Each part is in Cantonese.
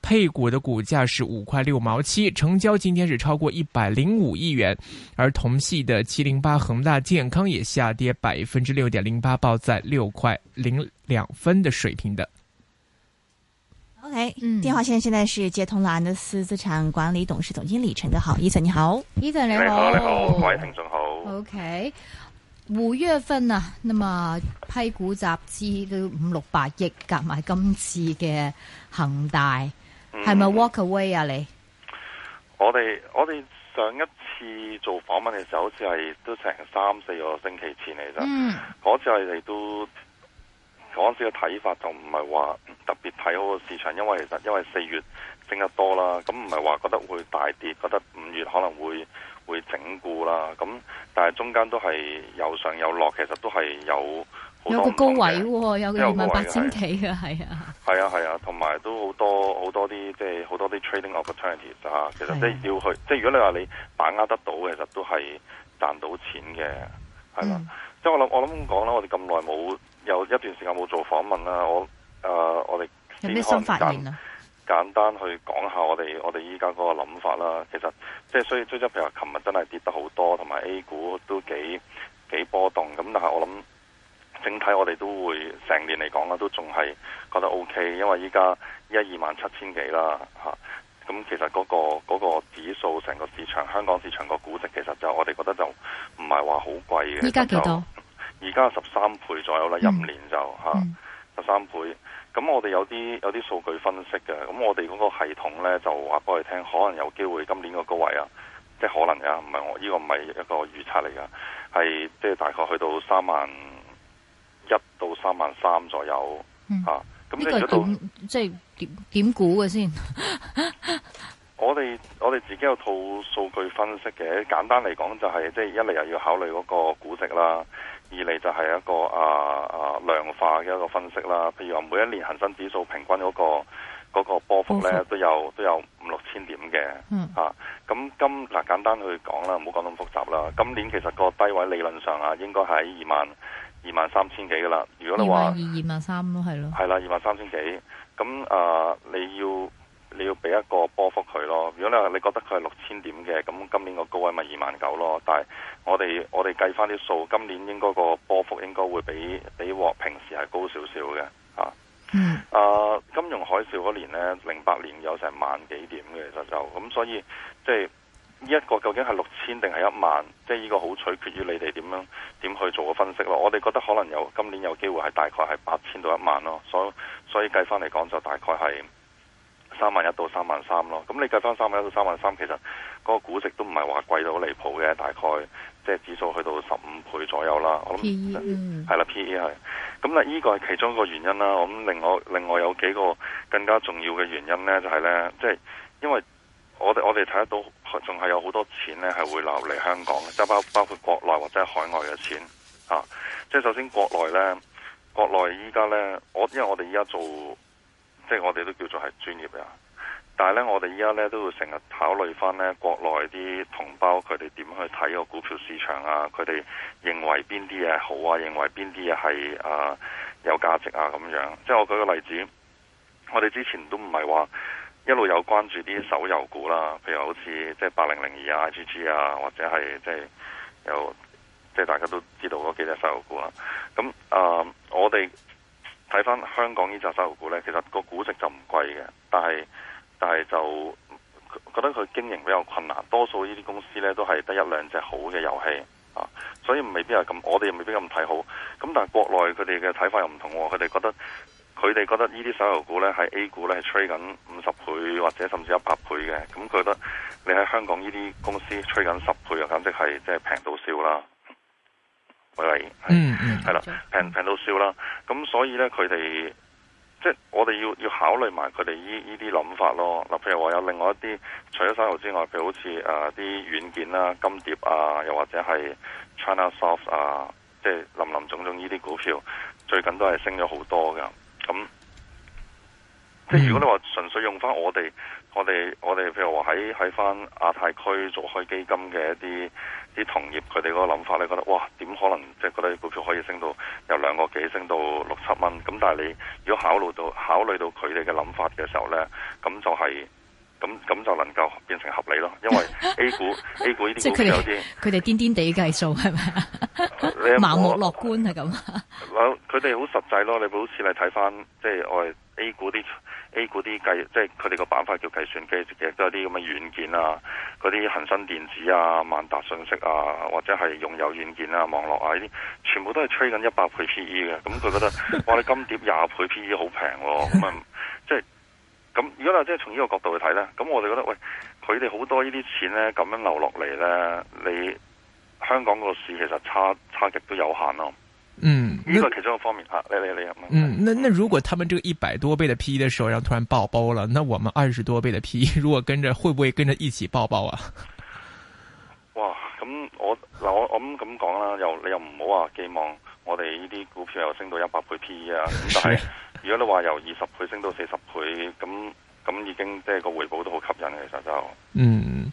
配股的股價是五塊六毛七，成交今天是超過一百零五億元，而同系的七零八恒大健康也下跌百分之六點零八，報在六塊零兩分的水平的。OK，、嗯、電話線現在是接通了安德斯資產管理董事總經理陳德豪，伊、mm、森 -hmm. 你好，Eason 你好，你好，你好，各位聽眾好。OK，五月份呢、啊，那麼批股集資都五六百億，夾埋今次嘅恒大。係、嗯、咪 walk away 啊你？你我哋我哋上一次做訪問嘅時候，好似係都成三四個星期前嚟咋、嗯。嗰次我哋都嗰時嘅睇法就唔係話特別睇好個市場，因為其實因為四月升得多啦，咁唔係話覺得會大跌，覺得五月可能會會整固啦。咁但係中間都係有上有落，其實都係有。有個高位喎，有個二萬八千幾㗎，係啊，係啊，係啊，同埋都好多好多啲，即係好多啲 trading opportunity 啊。其實即係要去，即係如果你話你把握得到，其實都係賺到錢嘅，係啦。即係我諗，我諗講啦，我哋咁耐冇有一段時間冇做訪問啦，我誒、呃，我哋有咩新發言啊？簡單去講下我哋我哋依家嗰個諗法啦。其實即係雖則譬如話，琴日真係跌得好多，同埋 A 股都幾幾波動，咁但係我諗。整體我哋都會成年嚟講啦，都仲係覺得 O、OK, K，因為依家一二萬七千幾啦，吓、啊、咁其實嗰、嗰個嗰、嗰個指數成個市場，香港市場個估值其實就我哋覺得就唔係話好貴嘅。依家幾多？依家十三倍左右啦，一五、嗯、年就吓十三倍。咁、嗯、我哋有啲有啲數據分析嘅，咁我哋嗰個系統咧就話俾你聽，可能有機會今年個高位、即係、啊，即係可能噶，唔係我呢個唔係一個預測嚟噶，係即係大概去到三萬。一到三萬三左右，嗯、啊！咁呢、呢個即係點點估嘅先？ 我哋我哋自己有套數據分析嘅，簡單嚟講就係即係一嚟又要考慮嗰個估值啦，二嚟就係一個啊啊量化嘅一個分析啦。譬如話每一年恒生指數平均嗰、嗰個嗰、嗰個波幅咧都有都有五六千點嘅、嗯，啊！咁今嗱簡單去講啦，唔好講咁複雜啦。今年其實個低位理論上啊，應該係喺二萬。二萬三千幾噶啦，如果你話二,二,二萬三咯，係咯，係啦，二萬三千幾，咁、呃、你要你要俾一個波幅佢咯。如果你話你覺得佢係六千點嘅，咁今年個高位咪二萬九咯。但係我哋我哋計翻啲數，今年應該個波幅應該會比比往平時係高少少嘅嗯，啊、呃，金融海嘯嗰年呢，零八年有成萬幾點嘅，其實就就咁，所以即係。呢、這、一個究竟係六千定係一萬？即係呢個好取決於你哋點樣點去做個分析咯。我哋覺得可能有今年有機會係大概係八千到一萬咯。所以所以計翻嚟講就大概係三萬一到三萬三咯。咁你計翻三萬一到三萬三，其實嗰個估值都唔係話貴到離譜嘅，大概即係、就是、指數去到十五倍左右啦。我諗係啦，P E 係。咁啊，依、這個係其中一個原因啦。咁另外另外有幾個更加重要嘅原因呢，就係、是、呢，即、就、係、是、因為我哋我哋睇得到。仲係有好多錢咧，係會流嚟香港，即係包包括國內或者海外嘅錢啊！即係首先國內呢，國內依家呢，我因為我哋依家做，即係我哋都叫做係專業啊。但係呢，我哋依家呢，都會成日考慮翻呢國內啲同胞佢哋點去睇個股票市場啊，佢哋認為邊啲嘢好啊，認為邊啲嘢係啊有價值啊咁樣。即係我舉個例子，我哋之前都唔係話。一路有關注啲手遊股啦，譬如好似即係八零零二啊、IGG 啊，或者係即係有即係、即係、大家都知道嗰幾隻手遊股啦。咁啊、呃，我哋睇翻香港呢隻手遊股呢，其實個估值就唔貴嘅，但係但係就覺得佢經營比較困難。多數呢啲公司呢都係得一兩隻好嘅遊戲啊，所以未必係咁。我哋又未必咁睇好。咁但係國內佢哋嘅睇法又唔同喎，佢哋覺得。佢哋覺得呢啲手遊股呢，喺 A 股呢，係 trade 緊五十倍或者甚至一百倍嘅，咁佢覺得你喺香港呢啲公司 trade 緊十倍，又簡直係即係平到笑啦。喂，喂，嗯，啦，平、嗯、平到笑啦。咁、嗯、所以呢，佢哋即係我哋要要考慮埋佢哋呢依啲諗法咯。嗱，譬如話有另外一啲，除咗手遊之外，譬如好似啊啲軟件啦、啊、金蝶啊，又或者係 China Soft 啊，即、就、係、是、林林總總呢啲股票，最近都係升咗好多噶。咁即係如果你話純粹用翻我哋，我哋我哋，譬如話喺喺翻亞太區做開基金嘅一啲啲同業，佢哋嗰個諗法你覺得哇，點可能即係嗰啲股票可以升到由兩個幾升到六七蚊？咁但係你如果考慮到考慮到佢哋嘅諗法嘅時候呢，咁就係、是。咁咁就能夠變成合理咯，因為 A 股 A 股呢啲有啲佢哋癲癲地計數，係咪盲目樂觀係咁？佢哋好實際咯，你好似嚟睇翻，即係我哋 A 股啲 A 股啲計，即係佢哋個板塊叫計算機，其實都有啲咁嘅軟件啊，嗰啲恆生電子啊、萬達信息啊，或者係用友軟件啊、網絡啊，呢啲全部都係吹緊一百倍 PE 嘅，咁 佢覺得哇！你金蝶廿倍 PE 好平喎，咁啊即咁如果啦，即係從呢個角度去睇咧，咁我哋覺得，喂，佢哋好多呢啲錢咧，咁樣流落嚟咧，你香港個市其實差差極都有限咯。嗯，呢個其中一方面吓，你你你有嗯，嗯那那如果他們這個一百多倍的 P E 的時候，然後突然爆煲了，那我們二十多倍的 P E 如果跟着，會不會跟着一起爆煲啊？哇！咁我嗱，我我咁講啦，又你又唔好話寄望我哋呢啲股票又升到一百倍 P E 啊，但係。如果你話由二十倍升到四十倍，咁咁已經即係個回報都好吸引，其實就嗯。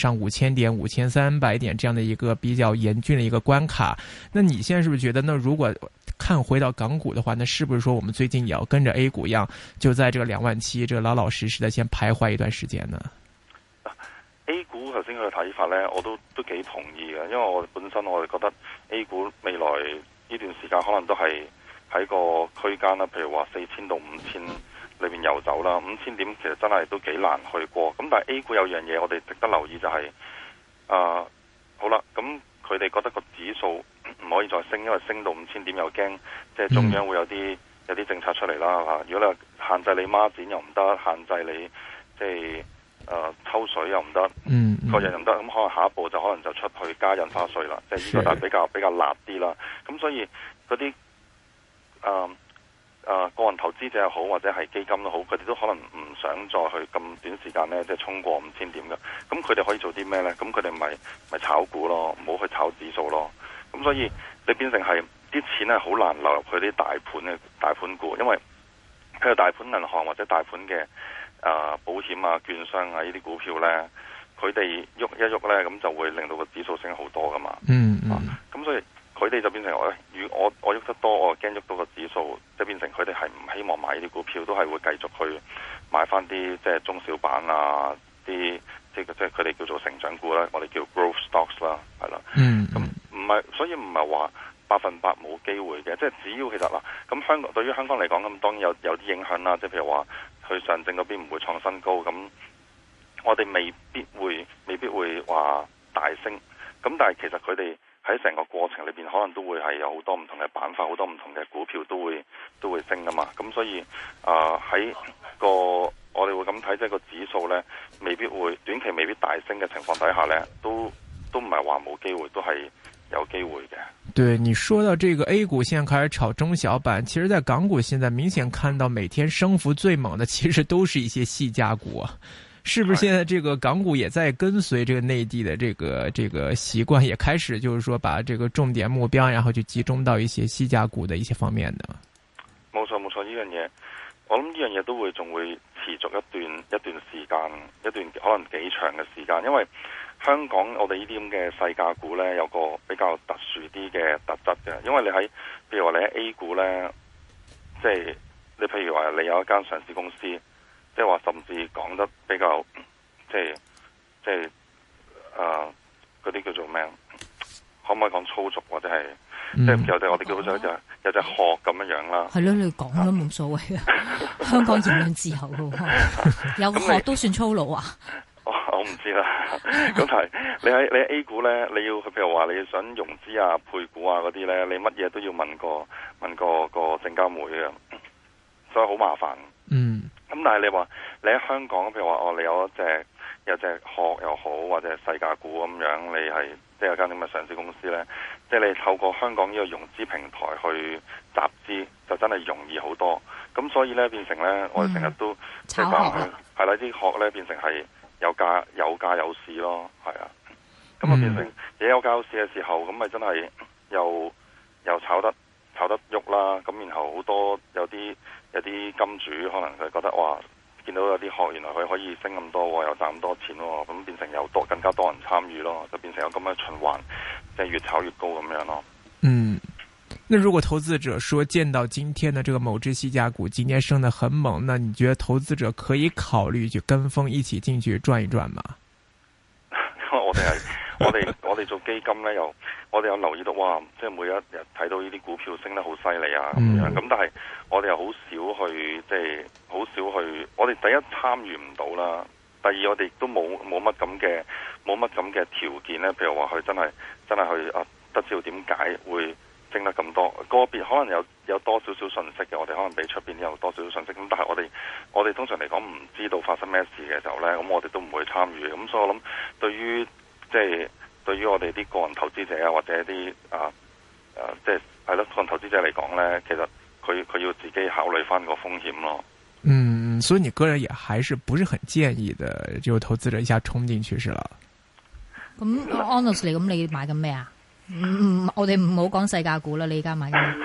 上五千點、五千三百點這樣的一個比較嚴峻的一個關卡，那你現在是不是覺得，那如果看回到港股的話，那是不是說我們最近也要跟着 A 股一樣，就在這個兩萬七，這個老老實實的先徘徊一段時間呢？A 股頭先個睇法呢，我都都幾同意嘅，因為我本身我哋覺得 A 股未來呢段時間可能都係喺個區間啦，譬如話四千到五千。裏面游走啦，五千點其實真係都幾難去過。咁但係 A 股有樣嘢，我哋值得留意就係、是、啊、呃，好啦，咁佢哋覺得個指數唔可以再升，因為升到五千點又驚，即、就、係、是、中央會有啲、嗯、有啲政策出嚟啦、啊。如果你限制你孖展又唔得，限制你即係、呃、抽水又唔得，嗯，確認又唔得，咁可能下一步就可能就出去加印花稅啦。即係呢個就係、比較比較辣啲啦。咁所以嗰啲啊，個人投資者又好，或者係基金都好，佢哋都可能唔想再去咁短時間呢，即係衝過五千點嘅。咁佢哋可以做啲咩呢？咁佢哋咪咪炒股咯，唔好去炒指數咯。咁所以你變成係啲錢係好難流入去啲大盤嘅大盤股，因為佢大盤銀行或者大盤嘅啊保險啊券商啊呢啲股票呢，佢哋喐一喐呢，咁就會令到個指數升好多噶嘛。嗯，嗯，咁、啊、所以。佢哋就變成我，如我我喐得多，我驚喐到個指數，即係變成佢哋係唔希望買呢啲股票，都係會繼續去買翻啲即係中小板啊，啲即係即係佢哋叫做成長股啦，我哋叫 growth stocks 啦，係啦。嗯。咁唔係，所以唔係話百分百冇機會嘅，即係只要其實嗱，咁香港對於香港嚟講咁，當然有有啲影響啦。即係譬如話，去上證嗰邊唔會創新高，咁我哋未必會未必會話大升。咁但係其實佢哋。喺成個過程裏邊，可能都會係有好多唔同嘅板塊，好多唔同嘅股票都會都會升噶嘛。咁所以啊，喺、呃、個我哋會咁睇，即、就、係、是、個指數咧，未必會短期未必大升嘅情況底下咧，都都唔係話冇機會，都係有機會嘅。對。你說到這個 A 股現在開始炒中小板，其實在港股現在明顯看到每天升幅最猛的，其實都是一些細價股啊。是不是現在這個港股也在跟隨這個內地的這個這個習慣，也開始就是說把這個重點目標，然後就集中到一些細價股的一些方面呢？冇錯冇錯呢樣嘢，我諗呢樣嘢都會仲會持續一段一段時間，一段可能幾長嘅時間。因為香港我哋呢啲咁嘅細價股咧有個比較特殊啲嘅特質嘅，因為你喺譬如話你喺 A 股咧，即係你譬如話你有一間上市公司。即係話，甚至講得比較，即係，即係，誒、啊，嗰啲叫做咩？可唔可以講粗俗或者係、嗯？即係有啲我哋叫做就、嗯，有隻殼咁樣樣啦。係咯，你講都冇所謂啊。 香港言論自由 有殼都算粗魯啊。我唔知啦。咁 係、 就是，你喺你喺 A 股咧，你要去譬如話你想融資啊、配股啊嗰啲咧，你乜嘢都要問個問個個證監會啊，所以好麻煩。嗯。咁但係你話你喺香港，譬如話哦，你有一隻有一隻殼又好，或者世界股咁樣，你係即係間點嘅上市公司呢，即係你透過香港呢個融資平台去集資，就真係容易好多。咁所以呢，變成呢，我哋成日都、嗯、炒係啦啲殼呢變成係有價有價有市咯，係啊。咁啊變成嘢、嗯、有價有市嘅時候，咁咪真係又又炒得炒得喐啦。咁然後好多有啲。有啲金主可能佢覺得哇，見到有啲殼，原來佢可以升咁多，又賺咁多錢喎，咁變成有多更加多人參與咯，就變成有咁嘅循環，即係越炒越高咁樣咯。嗯，那如果投資者說見到今天的這個某隻細價股今天升得很猛，那你覺得投資者可以考慮去跟風一起進去轉一轉嗎？ 我哋係，我哋。 我哋做基金呢，又我哋有留意到，哇！即係每一日睇到呢啲股票升得好犀利啊咁樣。咁但係我哋又好少去，即係好少去。我哋第一參與唔到啦，第二我哋都冇冇乜咁嘅冇乜咁嘅條件呢。譬如話，去真係真係去啊，不知道點解會升得咁多。個別可能有有多少少信息嘅，我哋可能比出邊有多少少信息。咁但係我哋我哋通常嚟講唔知道發生咩事嘅時候呢，咁我哋都唔會參與。咁所以我諗對於即係。對於我哋啲個人投資者啊，或者啲啊誒，即係，係咯，個人投資者嚟講咧，其實佢佢要自己考慮返個風險咯。嗯，所以你個人也還是不是很建議的，就投資者一下衝進去是，是啦。咁，安德斯，咁你買緊咩啊？我哋唔好講細價股啦。你而家買緊，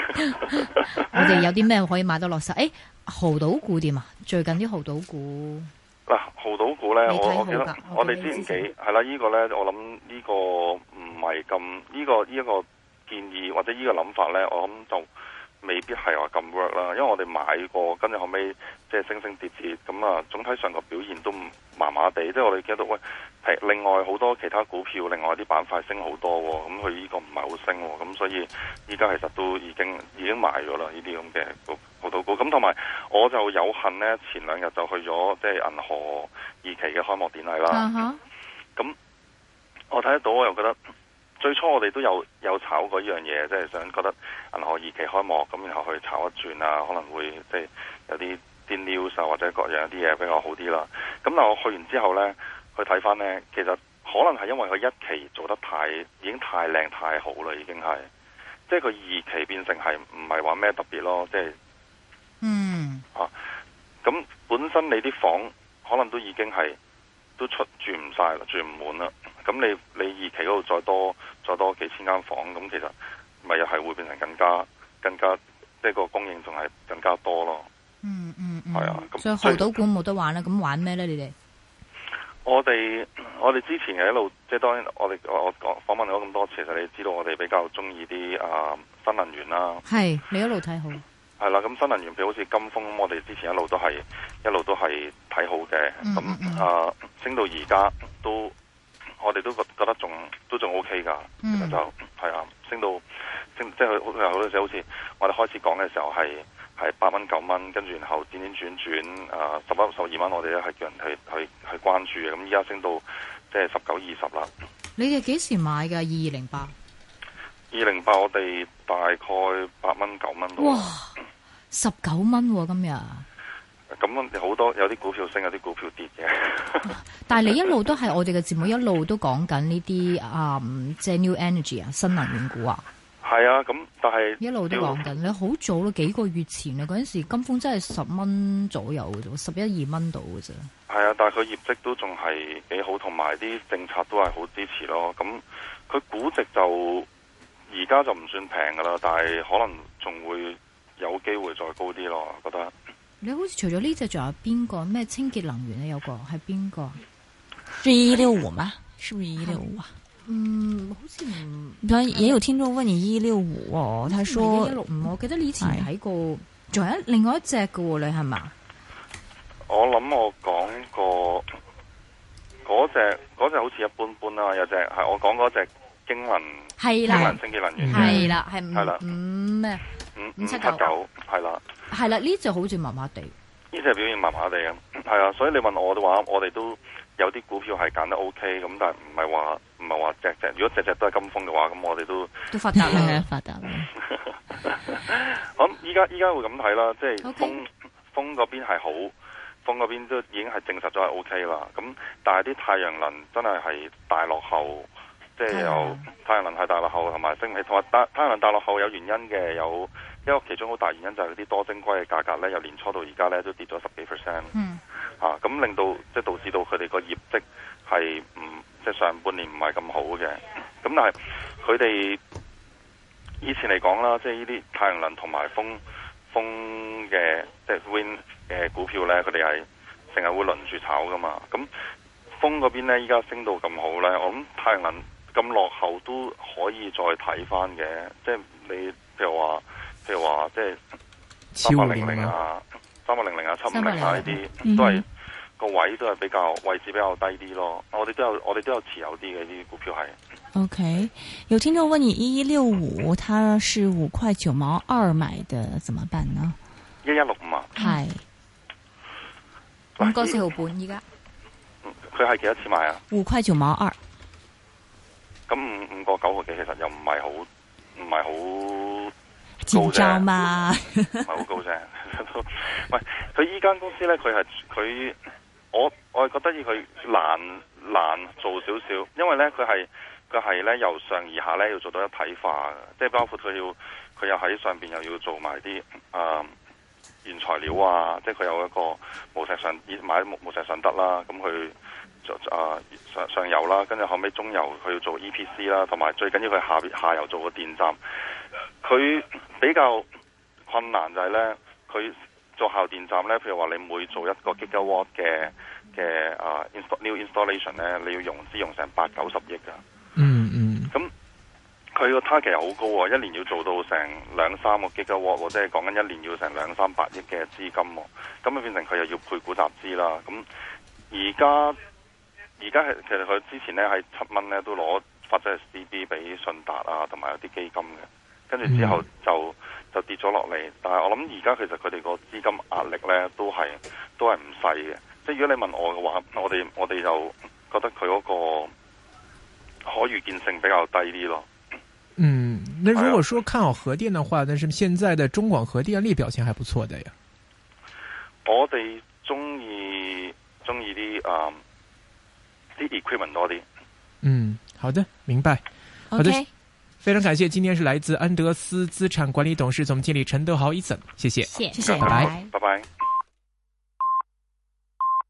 我哋有啲咩可以買到落實？誒，濠賭股點啊？最近啲濠賭股。嗱、啊，濠賭股咧，我我記得我哋之前幾係啦，呢個咧，我諗呢個唔係咁，呢個呢一個建議或者呢個諗法咧，我諗就未必係話咁 work 啦，因為我哋買過，跟住後尾即係升升跌跌，咁啊，總體上個表現都唔麻麻地，即係我哋見到喂，另外好多其他股票，另外啲板塊升好多，咁佢依個唔係好升，咁、嗯、所以依家其實都已經已經賣咗啦，呢啲咁嘅好多股。咁同埋我就有幸呢，前兩日就去咗即係銀河二期嘅開幕典禮啦。咁、uh -huh. 嗯、我睇得到，我又覺得最初我哋都有有炒過依樣嘢，即係想覺得銀河二期開幕，咁然後去炒一轉啊，可能會即係有啲。啲 news 啊，或者各樣啲嘢比較好啲啦。咁但我去完之後呢，去睇翻呢，其實可能係因為佢一期做得太已經太靚太好啦，已經係即係佢二期變成係唔係話咩特別咯，即係嗯、mm. 啊。咁本身你啲房可能都已經係都出住唔晒啦，住唔滿啦。咁你你二期嗰度再多再多幾千間房，咁其實咪又係會變成更加更加即係個供應仲係更加多咯。嗯嗯嗯，係、嗯嗯、啊，所以濠賭股冇得玩啦，咁玩咩咧？你哋我哋我哋之前嘅一路，即係當然，我哋我講訪問你咗咁多次，其實你知道我哋比較中意啲啊新能源啦、啊，係你一路睇好，係啦、啊，咁新能源譬如好似金峰咁，我哋之前一路都係一路都係睇好嘅，咁、嗯、啊升到而家都，我哋都覺覺得仲都仲 O K 㗎，OK 嗯、其實就係啊升到升即係好多好多時，好似我哋開始講嘅時候係。係八蚊九蚊，跟住然後轉轉轉，誒十蚊、十二蚊，我哋咧係叫人去去去關注嘅。咁依家升到即係十九二十啦。你哋幾時買㗎二零八？二零八，我哋大概八蚊九蚊。哇！十九蚊，今日。咁好多有啲股票升，有啲股票跌嘅。 但係你一路都係 我哋嘅節目一，一路都講緊呢啲啊，即係 new energy 啊，新能源股啊。係啊，咁但係一路都講緊，你好早咯，幾個月前啊，嗰陣時金峰真係十蚊左右，十一二蚊度嘅啫。係啊，但係佢業績都仲係幾好，同埋啲政策都係好支持咯。咁佢估值，就而家就唔算平噶啦，但係可能仲會有機會再高啲咯，覺得。你好似除咗呢隻，仲有邊個？咩清潔能源咧？有個係邊個？是一六五咩？是不是一六五啊？啊啊啊嗯，好似唔，有、嗯、也有聽眾問你一六五，他說一六五，165，我記得你以前睇過，仲有另外一隻嘅，你係嘛？我諗我講過嗰隻，嗰隻好似一般般啦，有隻係我講嗰隻京能，京能清潔能源係啦，係啦，五咩？五、嗯嗯、五七九係啦，係啦，呢隻好似麻麻地，呢隻表現麻麻地嘅，係啊，所以你問我嘅話，我哋都有啲股票係揀得 O K，咁但係唔係話。唔係話隻隻，如果隻隻都係金風嘅話，咁我哋都都發達啦， 發達啦。咁依家依家會咁睇啦，即係風，okay. 風嗰邊係好，風嗰邊都已經係證實咗係 OK 啦。咁但係啲太陽能真係係大落後。即係由太陽能係大落後升起，同埋升氣同埋大太陽能大落後有原因嘅，有因為其中好大原因就係啲多晶硅嘅價格咧，由年初到而家咧都跌咗十幾 percent。嗯，啊，咁令到即係導致到佢哋個業績係唔即係上半年唔係咁好嘅。咁但係佢哋以前嚟講啦，即係呢啲太陽能同埋風風嘅即係 wind 嘅股票咧，佢哋係成日會輪住炒㗎嘛。咁風嗰邊咧，依家升到咁好咧，我諗太陽能。咁落後都可以再睇翻嘅，即係你譬如話，譬如話，即係三百零零啊，三百零零啊，七五零啊呢啲，都係、嗯、個位都係比較位置比較低啲咯。我哋都有我哋都有持有啲嘅呢啲股票係。OK，有聽眾問你一一六五，它是五塊九毛二買的，怎麼辦呢？一一六五啊，係五個四毫半，依、嗯、家。佢係幾多錢買啊？五塊九毛二。咁五五個九毫嘅其實又唔係好唔係好高啫，唔係好高啫。喂， 佢依間公司咧，佢係佢我我係覺得依佢難難做少少，因為咧佢係佢係咧由上而下咧要做到一體化嘅，即係包括佢要佢又喺上面又要做埋啲啊。呃原材料啊，即係佢有一個無錫尚，買無無錫尚德啦、啊，咁佢啊上上游啦、啊，跟住後尾中游佢要做 EPC 啦、啊，同埋最緊要佢下下游做個電站。佢比較困難就係呢，佢做校電站呢，譬如話你每做一個 gigawatt 嘅嘅啊 new installation 呢，你要融資用成八九十億㗎。佢個 target 好高啊，一年要做到成兩三個 GW 嘅喎，即係講緊一年要成兩三百億嘅資金，咁啊變成佢又要配股集資啦。咁而家而家係其實佢之前呢喺七蚊呢都攞發咗係 CB 俾信達啊，同埋有啲基金嘅。跟住之後就就跌咗落嚟，但係我諗而家其實佢哋個資金壓力呢都係都係唔細嘅。即係如果你問我嘅話，我哋我哋就覺得佢嗰個可預見性比較低啲咯。嗯，那如果說看好核電的話，哎，但是現在的中廣核電力表現還不錯的呀。我哋中意中意啲啊，啲 equipment 多啲。嗯，好的，明白。好的，okay。非常感謝，今天是來自安德斯資產管理董事總經理陳德豪先生，謝謝，謝謝，拜拜，嗯、拜拜。